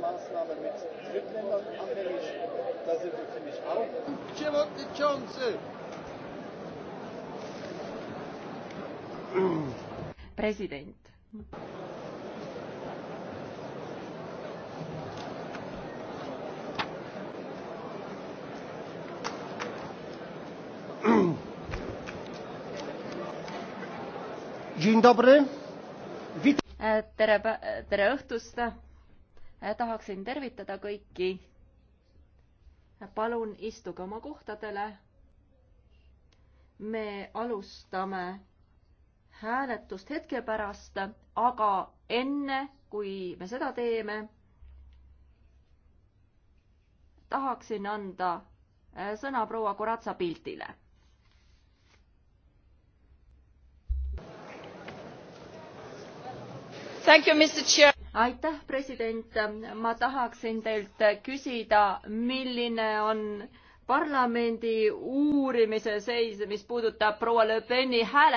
Maßnahmen mit Drittländern abhängig. Da sind wir, finde ich, auch. Przewodniczący! Präsident. Dzień dobry. Wit- e, tere, e, tere õhtust Eh, tahaksin tervitada kõiki. palun istuge oma kohtadele. me alustame hääletust hetke pärast, aga enne, kui me seda teeme, tahaksin anda eh, sõna proua Koratsa pildile You, aitäh, president, ma tahaksin teilt küsida, milline on parlamendi uurimise seis, mis puudutab proua Le Peni hääletamist.